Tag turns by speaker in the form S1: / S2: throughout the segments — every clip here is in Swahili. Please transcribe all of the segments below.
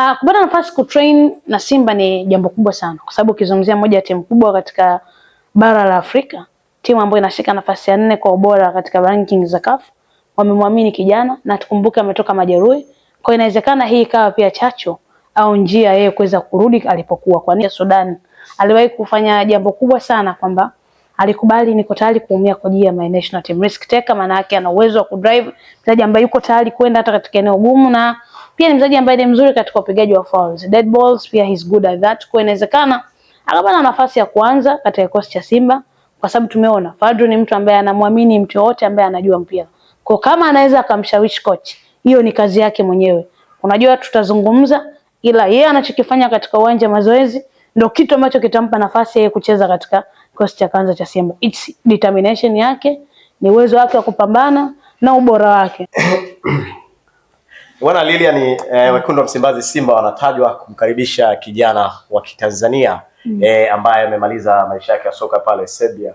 S1: Uh, ah, kupata nafasi kutrain na Simba ni jambo kubwa sana kwa sababu ukizungumzia moja ya timu kubwa katika bara la Afrika, timu ambayo inashika nafasi ya nne kwa ubora katika ranking za CAF, wamemwamini kijana na tukumbuke ametoka majeruhi, kwa inawezekana hii ikawa pia chacho au njia yeye kuweza kurudi alipokuwa, Kwa kwani Sudan aliwahi kufanya jambo kubwa sana kwamba alikubali niko tayari kuumia kwa ajili ya my national team. Risk taker, maana yake ana uwezo wa kudrive mchezaji ambaye yuko tayari kwenda hata katika eneo gumu na pia ni mchezaji ambaye ni mzuri katika upigaji wa fouls. Dead balls pia he's good at that. Kwa inawezekana akapata nafasi ya kuanza katika kikosi cha Simba kwa sababu tumeona Fadru ni mtu ambaye anamwamini mtu yote ambaye anajua mpira. Kwa kama anaweza akamshawishi coach, hiyo ni kazi yake mwenyewe. Unajua tutazungumza ila yeye anachokifanya katika uwanja mazoezi ndio kitu ambacho kitampa nafasi yeye kucheza katika kikosi cha kwanza cha Simba. It's determination yake, ni uwezo wake wa kupambana na ubora wake.
S2: Bwana Lilian eh, mm. wekundu wa Msimbazi Simba wanatajwa kumkaribisha kijana wa Kitanzania mm. eh, ambaye amemaliza maisha yake ya soka pale Serbia,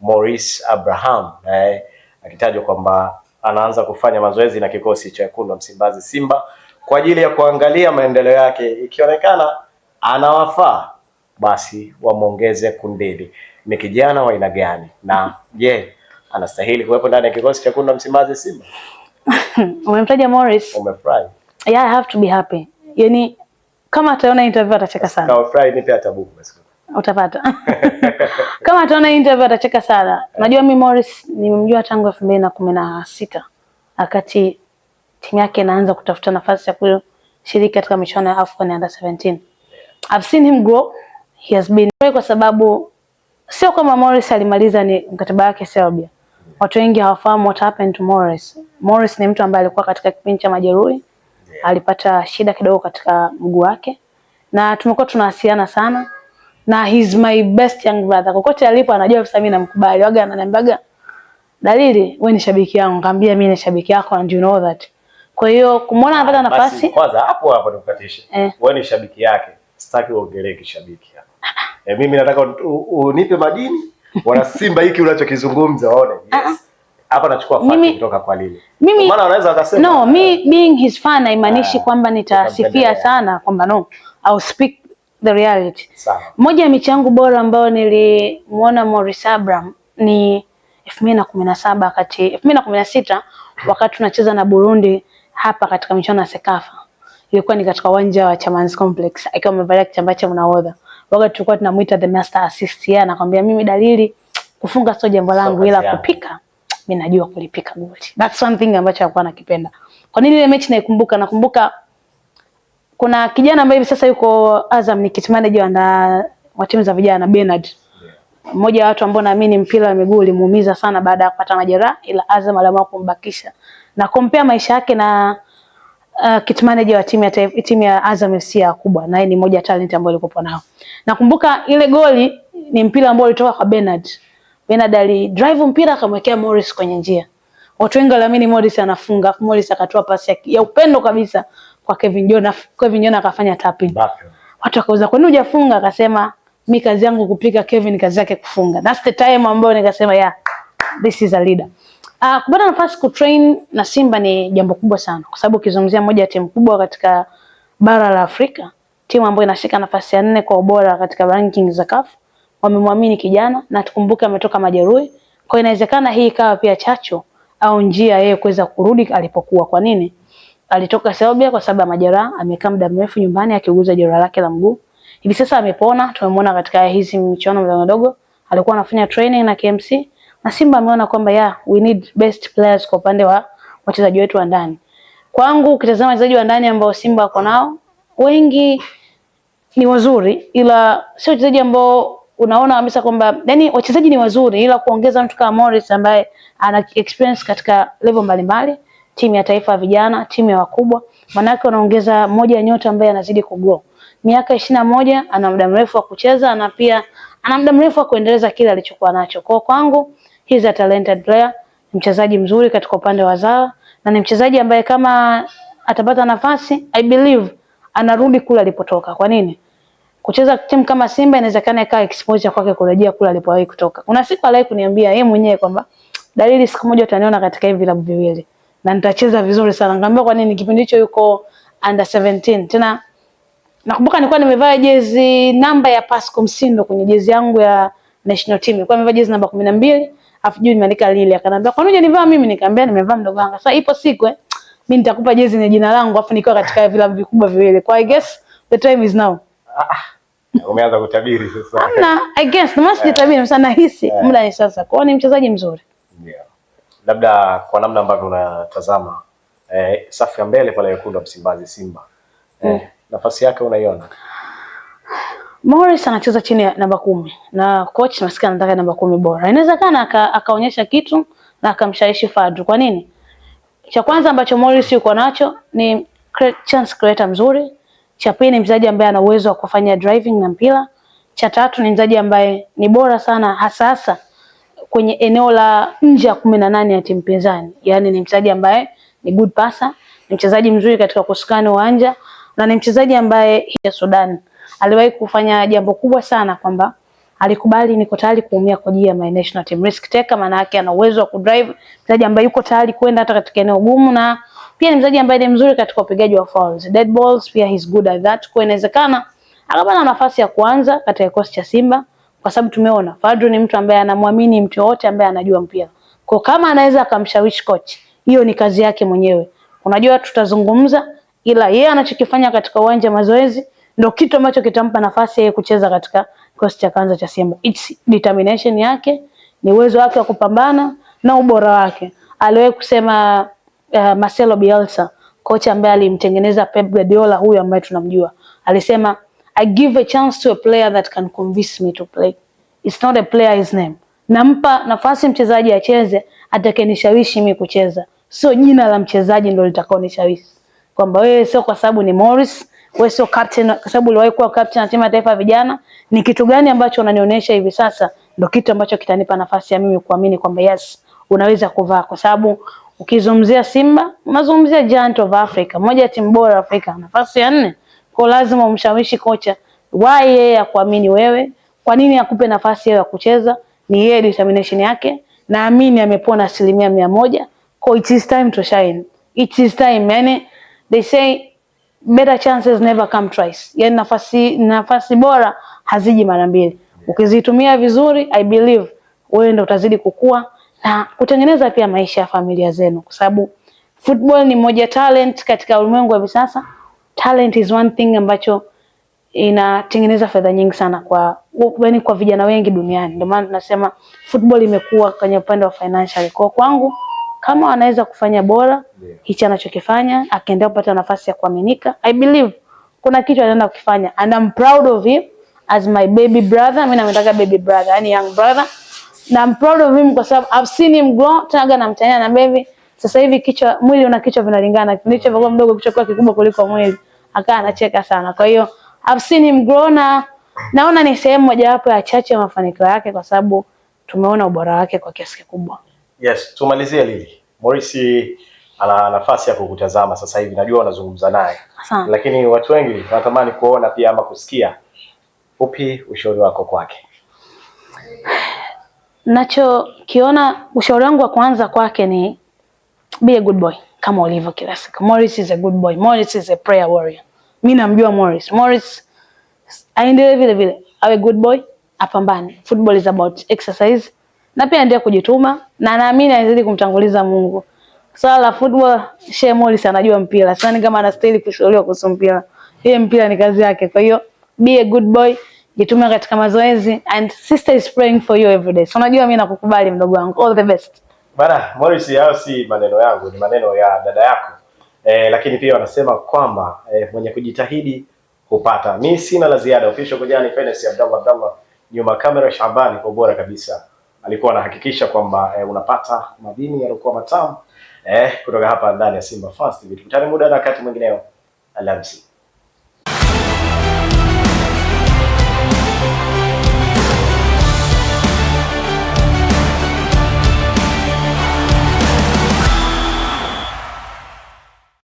S2: Maurice Abraham eh, akitajwa kwamba anaanza kufanya mazoezi na kikosi cha wekundu wa Msimbazi Simba kwa ajili ya kuangalia maendeleo yake, ikionekana anawafaa basi wamwongeze kundini. Ni kijana wa aina gani na je, yeah, anastahili kuwepo ndani ya kikosi cha wekundu wa Msimbazi Simba?
S1: Umemtaja Morris. Umefurahi. Yeah, I have to be happy. Yaani kama ataona interview atacheka sana.
S2: Kama fry furahi nipe atabu
S1: utapata. Kama ataona interview atacheka sana. Najua mimi Morris nimemjua tangu 2016 wakati timu yake inaanza kutafuta nafasi ya kushiriki katika michuano ya Afcon under 17. I've seen him grow. He has been kwa sababu sio kama Morris alimaliza ni mkataba wake Serbia. Watu wengi hawafahamu what happened to Morris. Morris ni mtu ambaye alikuwa katika kipindi cha majeruhi yeah. Alipata shida kidogo katika mguu wake na tumekuwa tunawasiliana sana na he's my best young brother. Kokote alipo anajua kabisa mimi namkubali. Waga ananiambiaga Dalili, wewe ni shabiki yangu. Ngambia mimi ni shabiki yako and you know that. Kwa hiyo kumuona anapata ah, nafasi.
S2: Kwanza hapo hapo nikukatishe. Eh. Wewe ni shabiki yake. Sitaki uongelee kishabiki hapa. Eh, mimi nataka unipe madini Wana Simba hiki unachokizungumza waone. Yes. Uh-uh. Hapa nachukua fact kutoka kwa Lili.
S1: Mimi maana wanaweza wakasema no, mi, being his fan haimaanishi ah, kwamba nitasifia sana kwamba no. I'll speak the reality. Moja ya michango bora ambayo nilimuona Morris Abraham ni elfu mbili na kumi wakati tunacheza na Burundi hapa katika michuano ya Sekafa, ilikuwa ni katika uwanja wa Chamans Complex akiwa amevalia kitambaa cha mnahodha waga tulikuwa tunamuita the master assist, yeye anakwambia mimi dalili kufunga sio jambo langu, ila kupika mimi najua kulipika goli. That's one thing ambacho alikuwa anakipenda. Kwa nini ile mechi naikumbuka? Nakumbuka kuna kijana ambaye hivi sasa yuko Azam ni kit manager wa wa timu za vijana Bernard. Mmoja wa watu ambao naamini mpira wa miguu ulimuumiza sana baada ya kupata majeraha, ila Azam aliamua kumbakisha na kumpea maisha yake na uh, kit manager wa timu ya timu ya Azam FC ya kubwa, na yeye ni moja talent ambayo alikuwa nao. Nakumbuka ile goli ni mpira ambao ulitoka kwa Bernard. Bernard ali drive mpira akamwekea Morris kwenye njia. Watu wengi waliamini Morris anafunga, afu Morris akatoa pasi ya, ya upendo kabisa kwa Kevin Jona. Kevin Jona akafanya tapping. Watu wakauza, kwa nini hujafunga? Akasema mi kazi yangu kupiga, Kevin kazi yake kufunga. That's the time ambayo nikasema yeah, this is a leader. Uh, ah, kupata nafasi kutrain na Simba ni jambo kubwa sana kwa sababu ukizungumzia moja ya timu kubwa katika bara la Afrika, timu ambayo inashika nafasi ya nne kwa ubora katika ranking za CAF, wamemwamini kijana na tukumbuke ametoka majeruhi, kwa inawezekana hii ikawa pia chacho au njia yeye kuweza kurudi alipokuwa. Kwa nini alitoka Serbia? Kwa sababu ya majeraha, amekaa muda mrefu nyumbani akiuguza jeraha lake la mguu. Hivi sasa amepona, tumemwona katika hizi michuano midogo, alikuwa anafanya training na KMC na Simba ameona kwamba yeah, we need best players kwa upande wa wachezaji wetu wa ndani. Kwangu ukitazama wachezaji wa ndani ambao Simba wako nao wengi ni wazuri, ila sio wachezaji ambao unaona kabisa kwamba yani wachezaji ni wazuri, ila kuongeza mtu kama Morris ambaye ana experience katika level mbalimbali, timu ya taifa ya vijana, timu ya wakubwa, manake unaongeza moja ya nyota ambaye anazidi kugrow. Miaka ishirini na moja ana muda mrefu wa kucheza na pia ana muda mrefu wa kuendeleza kile alichokuwa nacho. Kwa kwangu He's a talented player, ni mchezaji mzuri katika upande wa zawa na ni mchezaji ambaye kama atapata nafasi I believe anarudi kule alipotoka. Kwa nini? Kucheza timu kama Simba inawezekana ikawa exposure kwake kurejea kule alipowahi kutoka. Kuna siku alai kuniambia yeye mwenyewe kwamba dalili siku moja utaniona katika hivi vilabu viwili na nitacheza vizuri sana. Ngambia kwa nini kipindi hicho yuko under 17. Tena nakumbuka nilikuwa nimevaa jezi namba ya Pascal Msindo kwenye jezi yangu ya national team. Nilikuwa nimevaa jezi namba 12 afijui nimeandika lile, akanambia kwa nini unanivaa mimi? Nikamwambia nimevaa mdogo wangu. Sasa ipo siku eh, mimi nitakupa jezi yenye jina langu afu nikiwa katika vilabu vikubwa viwili. Kwa I guess the time is now. Ah,
S2: ah. umeanza kutabiri sasa.
S1: Hamna, I guess nitabiri eh. sijatabiri sasa, nahisi eh. muda ni sasa. Kwa ni mchezaji mzuri. Yeah.
S2: Labda kwa namna ambavyo unatazama eh, safu ya mbele pale Wekundu Msimbazi Simba. Eh, mm. Nafasi yake unaiona?
S1: Morris anacheza chini ya namba kumi na coach nasikia anataka namba kumi bora. Inawezekana akaonyesha kitu na akamshawishi Fadru. Kwa nini? Cha kwanza ambacho Morris yuko nacho ni create, chance creator mzuri. Cha pili ni mchezaji ambaye ana uwezo wa kufanya driving na mpira. Cha tatu ni mchezaji ambaye ni bora sana hasa hasa kwenye eneo la nje ya kumi na nane ya timu pinzani. Yaani ni mchezaji ambaye ni good passer, ni mchezaji mzuri katika kuskani uwanja na ni mchezaji ambaye ya Sudan aliwahi kufanya jambo kubwa sana kwamba alikubali niko tayari kuumia kwa ajili ya my national team. Risk taker maana yake ana uwezo wa kudrive, mchezaji ambaye yuko tayari kwenda hata katika eneo gumu, na pia ni mchezaji ambaye ni mzuri katika upigaji wa fouls, dead balls, pia he's good at that. Kwa inawezekana akapata nafasi ya kuanza katika kikosi cha Simba kwa sababu tumeona Fadru ni mtu ambaye anamwamini mtu yote ambaye anajua mpira. Kwa kama anaweza akamshawishi coach, hiyo ni kazi yake mwenyewe. Unajua tutazungumza, ila yeye anachokifanya katika uwanja mazoezi ndo kitu ambacho kitampa nafasi yeye kucheza katika kikosi cha kwanza cha Simba. It's determination yake, ni uwezo wake wa kupambana na ubora wake. Aliwahi kusema uh, Marcelo Bielsa, kocha ambaye alimtengeneza Pep Guardiola huyu ambaye tunamjua, alisema I give a chance to a player that can convince me to play. It's not a player his name. Nampa nafasi mchezaji acheze atakayenishawishi mimi kucheza, sio jina la mchezaji ndio litakao nishawishi. kwamba wewe, sio kwa sababu ni Morris wewe sio captain, kwa sababu uliwahi kuwa captain wa timu ya taifa ya vijana. Ni kitu gani ambacho unanionyesha hivi sasa ndio kitu ambacho kitanipa nafasi ya mimi kuamini kwamba yes, unaweza kuvaa, kwa sababu ukizungumzia Simba unazungumzia Giant of Africa, moja ya timu bora Afrika, nafasi ya nne. Kwa lazima umshawishi kocha why yeye akuamini wewe, kwa nini akupe nafasi yeye ya kucheza, ni yeye determination yake. Naamini amepona asilimia mia moja. It is time to shine, it is time. Yani they say better chances never come twice. Yani nafasi nafasi bora haziji mara mbili. Ukizitumia vizuri, I believe wewe ndio utazidi kukua na kutengeneza pia maisha ya familia zenu, kwa sababu football ni moja talent katika ulimwengu wa hivi sasa. Talent is one thing ambacho inatengeneza fedha nyingi sana kwa yani kwa vijana wengi duniani. Ndio maana tunasema football imekuwa kwenye upande wa financial. Kwa kwangu kama wanaweza kufanya bora yeah. hichi anachokifanya akaendelea kupata nafasi ya kuaminika, I believe kuna kitu anaenda kukifanya and I'm proud of him as my baby brother. Mimi namtaka baby brother, yani young brother, na I'm proud of him kwa sababu I've seen him grow. tunaga na mtania na baby, sasa hivi kichwa mwili una kichwa vinalingana, kipindi chokuwa mdogo kichwa kwa kikubwa kuliko mwili, akawa anacheka sana. Kwa hiyo I've seen him grow na naona ni sehemu mojawapo ya chache ya mafanikio yake, kwa sababu tumeona ubora wake kwa kiasi kikubwa.
S2: Yes, tumalizie Lili. Morisi ana nafasi ya kukutazama sasa hivi, najua unazungumza naye, lakini watu wengi wanatamani kuona pia ama kusikia. Upi ushauri wako kwake?
S1: Nachokiona, ushauri wangu wa kwanza kwake ni be a good boy kama ulivyo kila siku. Morris is a good boy. Morris is a prayer warrior. Mimi namjua Morris. Morris aendelee vile vile, awe good boy, apambane. Football is about exercise na pia endelee kujituma na naamini anazidi kumtanguliza Mungu. Swala la football, Shea Morris anajua mpira. Sidhani kama anastahili kushauriwa kuhusu mpira. Yeye mpira ni kazi yake. Kwa hiyo be a good boy, jituma katika mazoezi and sister is praying for you every day. So unajua mimi nakukubali mdogo wangu. All the best.
S2: Bana, Morris hayo si maneno yangu, ni maneno ya dada yako. Eh, lakini pia wanasema kwamba eh, mwenye kujitahidi hupata. Mimi sina la ziada. Official kujani Fenesi Abdallah Abdallah, nyuma kamera Shabani, kwa bora kabisa alikuwa anahakikisha kwamba eh, unapata madini yaliokuwa matamu eh, kutoka hapa ndani ya Simba Fans TV. Tukutane muda na wakati mwingineo, alamsi.